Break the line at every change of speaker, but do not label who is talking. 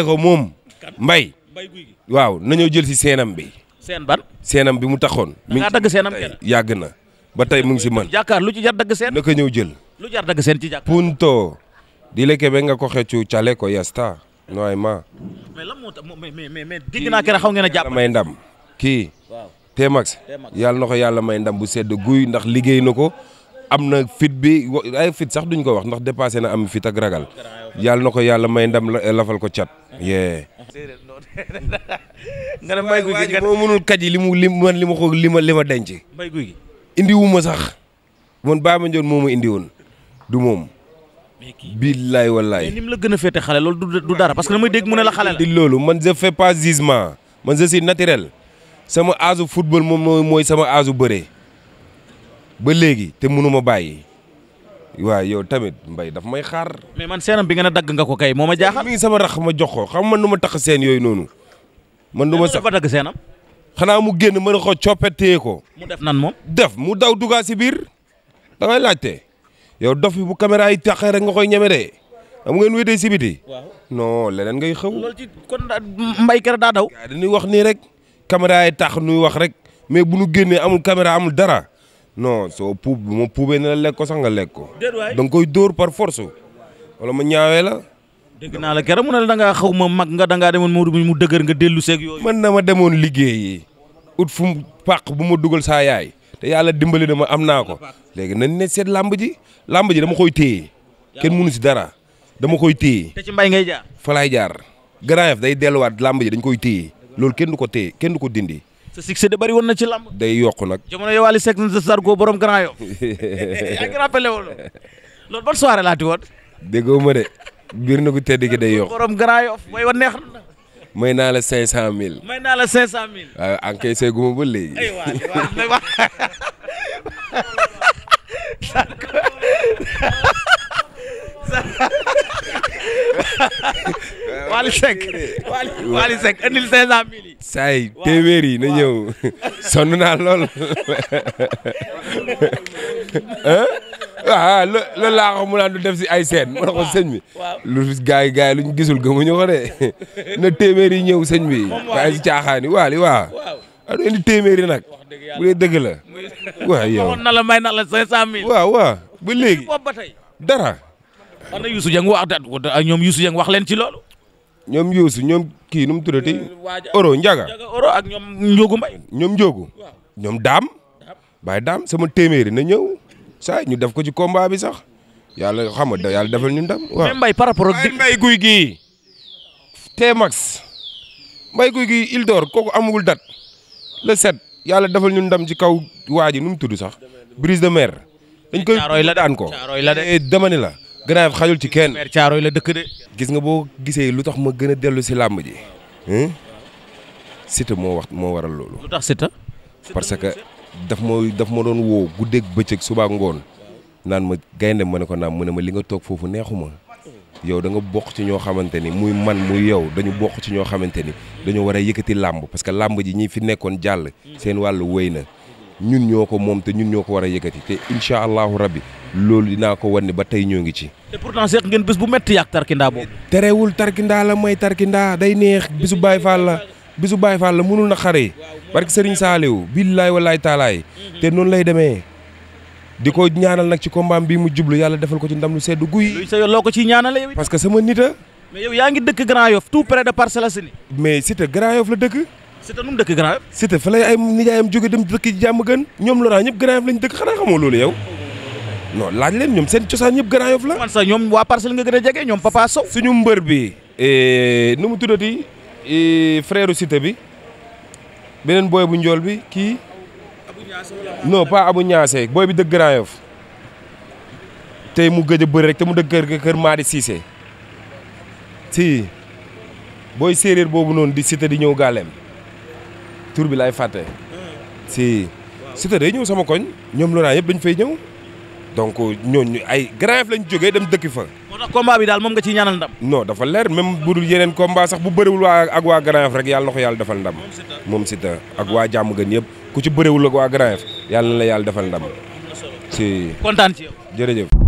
ne ko moom mbay waaw nañoo jël si seenam bi seen ban seenam bi mu taxoon mi ngi dagg seenam yàgg na ba tey mu ngi si man jàkkaar lu ci jar dagg seen na ko ñëw jël lu jar dagg seen ci jàkkaar punto di lekke be nga ko xeccu cale ko yasta nooy ma mais lan moo tax mais mais mais dégg naa keroog xaw ngeen a jàpp may ndam kii Tmax yàlla na yàlla may ndam bu sedd guy ndax liggéey na ko am na fit bi ay fit sax duñ ko wax ndax dépassé na am fit ak ragal yàlla na ko yàlla may ndam lafal ko cat. yee. nga ne moo mënul kaj yi li mu li man li ma ko li ma li ma denc. mbay guy gi indi ma sax man Baaba Njoon moom ma indi woon du moom. billaay wallaay. ni mu la gën a féete xale loolu du dara parce que ma dégg mu ne la xale la. di loolu man je fais pas jugement man je suis naturel sama âge football moom mooy sama âge bëre. ba léegi te mënuma bàyyi waaw yow tamit mbay daf may xaar. mais man seenam bi nga ne dagg nga ko kay moo ma jaaxal. mi ngi sama rax ma jox ko xam man nu ma tax seen yooyu noonu. man du ma sax dagg seenam. xanaa mu génn mën a ko coppetee ko. mu def nan moom. def mu daw dugaa si biir da ngay laajte yow dof bi bu caméra yi taxee rek nga koy ñeme de am ngeen wéetee si waaw non leneen ngay xew. loolu ci kon mbay kër wax nii rek caméra yi tax nuy wax rek mais bu nu génnee amul caméra amul dara. non soo puub bu ma puubee ne la lekk sax nga lekk ko. da koy dóor par force. wala ma ñaawee la. dégg naa la keroog mu ne da ngaa xaw ma mag nga da ngaa demoon mu dëgër nga dellu seeg yooyu. man ma demoon liggéey ut fu mu pàq bu ma dugal saa yaay te yàlla dimbali na ma am naa ko léegi nañ ne seet làmb ji làmb ji dama koy téye kenn mënu si dara dama koy téye. te ci mbay ngay jaar. fa laay jaar. Grand Yoff day delluwaat làmb ji dañ koy téye loolu kenn du ko téye kenn du ko dindi. sa succès de woon na ci lamb day yokk nag jamono yow Wally Seck na sargo borom grand yow yaa ngi rappelé laati woon déggoo ma de biir na ko day yokk borom grand yow mooy wa neex may naa la cinq cent mille may naa la cinq cent mille waaw encaissé guma ba léegi Wally Seck Wally Seck saa yi téeméer yi na ñëw sonn naa lool ah loolu laa ko mu naan du def si ay seen. lu gaay yi gaay yi lu ñu gisul gëmuñu ko de na téeméer yi ñëw sëñ bi. waaye si caaxaan yi waali waaw. adu ah, indi dëgg la yow na la may na la cinq cent mille waaw waaw dara. ana Youssou Dieng wax ñoom Youssou Dieng wax leen ci loolu. kii nu mu tuddati. Euh, oro njaga oro ak ñoom Ndiogu Mbaye. ñoom Ndiogu. ñoom daam. bàyyi daam sama téeméeri na ñëw. saa ñu def ko ci combat bi sax yàlla xam nga yàlla defal ñu ndam. waaw mais Mbaye par rapport ak. Mbaye guy gii. Tmax. Mbaye guy gii il dort kooku amagul date. le set yàlla defal ñu ndam ci kaw waa ji nu mu tudd sax. brise de mer. dañ koy la daan ko. la eh, la. Grand Yoff xajul ci kenn. maire la dëkk de. gis nga boo gisee lu tax ma gën a dellu si làmb ji. Siteu moo wax moo waral loolu. tax Siteu. parce que daf ma daf ma doon woo guddeeg bëccëg suba ak ngoon naan ma gaynde ma ne ko naam mu ne ma li nga toog foofu neexuma yow da nga bokk ci ñoo xamante ni muy man muy yow dañu bokk ci ñoo xamante ni dañu war a yëkkati làmb parce que làmb ji ñii fi nekkoon jàll. seen wàllu wéy na ñun ñoo ko moom te ñun ñoo ko war a yëkkati te incha allahu rabbi loolu dinaa ko wan ne ba tey ñoo ngi ci. te pourtant seq ngeen bés bu métti yàq tarkindaa boobu. terewul tarkindaa la mooy tarkindaa day neex bisu Baye Fall la bisu Baye Fall la mënul na xare parce que Serigne Saliou billaay walaay taalaay te noonu lay demee di ko bi mu jublu yàlla defal ko ci ndam lu sedd guy. loo ko ciy ñaanale parce que sama nita mais yaa ngi dëkk Grand Yoff près de Parcelles Assainies. mais Cité Grand Yoff la dëkk. Cité nu mu dëkk lay ay nijaayam jóge dem dëkk jàmm gën. ñoom Laurent ñëpp Grand Yoff lañ dëkk xanaa xamoo loolu yow. non laaj leen ñoom seen cosaan yëpp Grand Yoff la. man sax ñoom waa parcelle nga gën a jege ñoom Papa Sow. suñu mbër bi eh, nu mu tuddati eh, frère Cité bi beneen booy bu njool bi kii. non pas Abu Ñaase booy bi dëkk Grand Yoff tey mu gëj a bëri rek te mu dëkk kër kër di siise si booy séeréer boobu noonu di Cité di ñëw gaaleem tur bi laay fàtte hmm. si Cité day ñëw sama koñ ñoom loraa yëpp dañ fay ñëw. donc ñooñu ay Grand Yoff lañ jógee dem dëkki fa. moo tax bi daal moom nga ciy ñaanal ndam. non dafa leer même bu dul yeneen combat sax bu bëriwul waa ak waa Grand Yoff rek yàlla na ko yàlla defal ndam. moom si Siteu ak waa jàmm gan yëpp ku ci bëriwul ak waa Grand Yoff yàlla na la yàlla defal ndam. si kontaan ci yow jërëjëf.